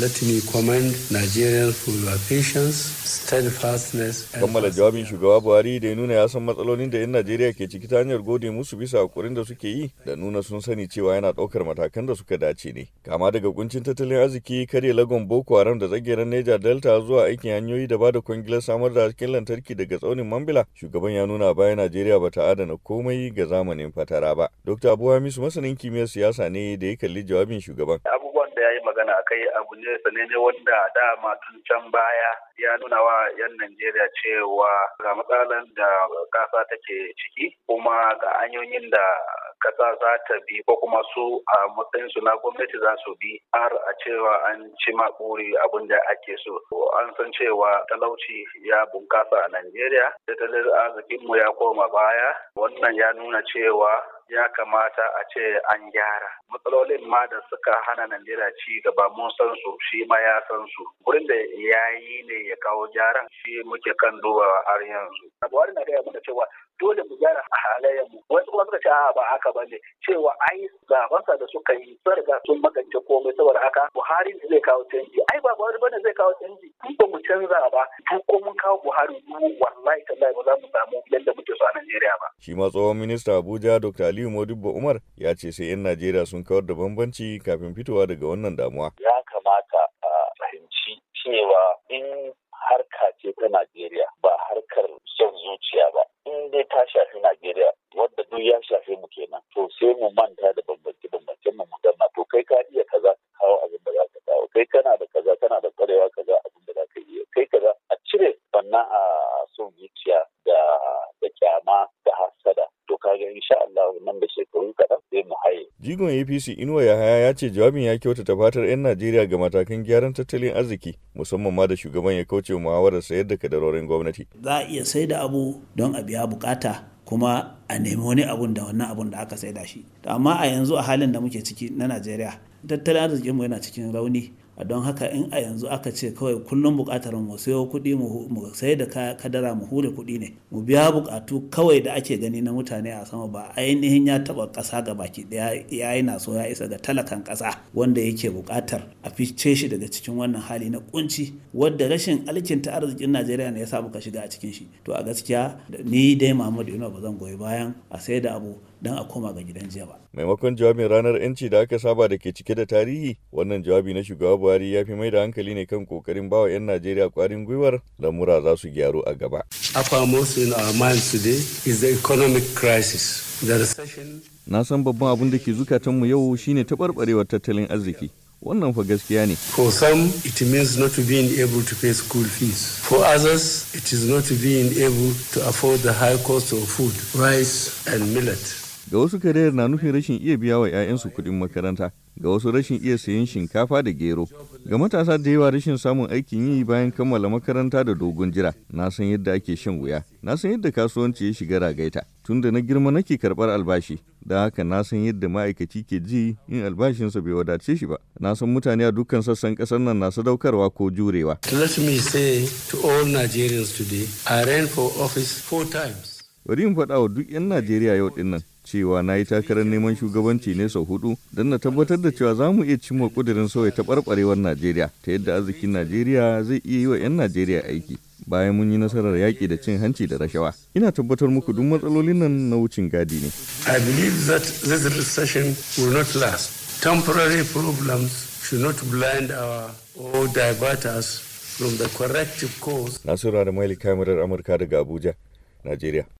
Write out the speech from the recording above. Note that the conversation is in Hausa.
Let me commend Nigerians for your patience, steadfastness and Kammala jawabin shugaba Buhari da ya nuna ya san matsalolin da 'yan Najeriya ke ciki ta hanyar gode musu bisa hakurin da suke yi da nuna sun sani cewa yana daukar matakan da suka dace ne. Kama daga kuncin tattalin arziki karya lagon Boko Haram da tsageren Niger Delta zuwa aikin hanyoyi da bada kwangilar samar da hasken lantarki daga tsaunin Mambila, shugaban ya nuna bayan Najeriya ba ta adana komai ga zamanin fatara ba. Dr. Abu Hamisu masanin kimiyyar siyasa ne da ya kalli jawabin shugaban. da ya yi magana a kai abu ne sanene wanda da tun can baya ya nuna wa 'yan Najeriya cewa ga matsalar da kasa take ciki kuma ga hanyoyin da kasa za ta bi ko kuma su a matsayinsu na gwamnati za su bi har a cewa an ci maɓuri abin da ake so an san cewa talauci ya bunkasa a najeriya da tattalin arzikinmu ya koma baya wannan ya nuna cewa ya kamata a ce an gyara matsalolin ma da suka hana najeriya ci gaba mun san su shi ma ya san su wurin da ya yi ne ya kawo gyaran shi muke kan duba har yanzu buhari na gaya mana cewa dole mu gyara a halayen mu wasu kuma suka ce a ba haka bane cewa ai zabansa da suka yi sun riga sun magance komai saboda haka buhari ne zai kawo canji ai ba buhari bane zai kawo canji in ba mu canza ba ko mun kawo buhari duwa shi ma tsohon minista abuja dr aliyu modibo umar ya ce sai 'yan najeriya sun kawar da bambanci kafin fitowa daga wannan damuwa ya kamata a fahimci cewa in harka ce ta najeriya ba harkar son zuciya ba in dai ta shafi najeriya wadda duk ya shafi mu kenan to sai mu manta da bambance bambancen mu magana to kai ka iya kaza ka kawo abin da za ka kawo kai kana da kaza kana da kwarewa kaza abin da za ka iya kai kaza a cire sannan a Jigon APC Inuwa Yahaya ya ce jawabin ya kyautata fatar 'yan Najeriya ga matakan gyaran tattalin arziki musamman ma da shugaban ya kauce muhawarar sayar da kadarorin gwamnati. Za a iya sai da abu don a biya bukata kuma a nemi wani abun da wannan abun da aka sai da shi. Amma a yanzu a halin da muke ciki na Najeriya tattalin arzikinmu yana cikin rauni don haka in a yanzu aka ce kawai kullum bukatar mu sayo kuɗi mu sai da kadara mu hure kuɗi ne mu biya bukatu kawai da ake gani na mutane a sama ba ainihin ya taba ƙasa ga baki ɗaya ya yi na so ya isa ga talakan ƙasa wanda yake bukatar a fice shi daga cikin wannan hali na kunci wadda rashin alkinta arzikin Najeriya ne ya sa muka shiga a cikin shi to a gaskiya ni dai Muhammadu Yunus ba zan goyi bayan a sai da abu don a koma ga gidan jiya ba. Maimakon jawabin ranar 'yanci da aka saba da ke cike da tarihi, wannan jawabi na shugaba Buhari ya fi mai da hankali ne kan kokarin bawa 'yan Najeriya kwarin gwiwar lamura za su gyaru a gaba. in our mind today is economic crisis. Na san babban abin da ke zukatanmu yau shine taɓarɓarewar tattalin arziki. wannan fa gaskiya ne. For some it means not being able to pay school fees. For others it is not being able to afford the high cost of food, rice and millet. Ga wasu kariyar na nufin rashin iya biya wa 'ya'yansu kuɗin makaranta, ga wasu rashin iya sayan shinkafa da gero. Ga matasa da yawa rashin samun aikin yi bayan kammala makaranta da dogon jira, na san yadda ake shan wuya, na san yadda kasuwanci ya shiga ragaita. Tun da na girma nake karɓar albashi, da haka na san yadda ma'aikaci ke ji in albashinsa bai wadace shi ba. Na san mutane a dukkan sassan kasar nan na sadaukarwa ko jurewa. Let me say to all Nigerians today, I ran for office four times. Bari in faɗa wa duk 'yan Najeriya yau ɗin nan, cewa na yi takarar neman shugabanci ne sau hudu don na tabbatar da cewa za mu iya cimma kudirin sauya taɓarɓarewar Najeriya ta yadda arzikin Najeriya zai iya yi wa 'yan Najeriya aiki. Bayan mun yi nasarar yaƙi da cin hanci da rashawa, ina tabbatar muku duk matsalolin nan na wucin gadi ne. I believe that this recession will not last. Temporary problems should not blind our or divert from the corrective course. Nasura da Maili kamarar Amurka daga Abuja, Najeriya.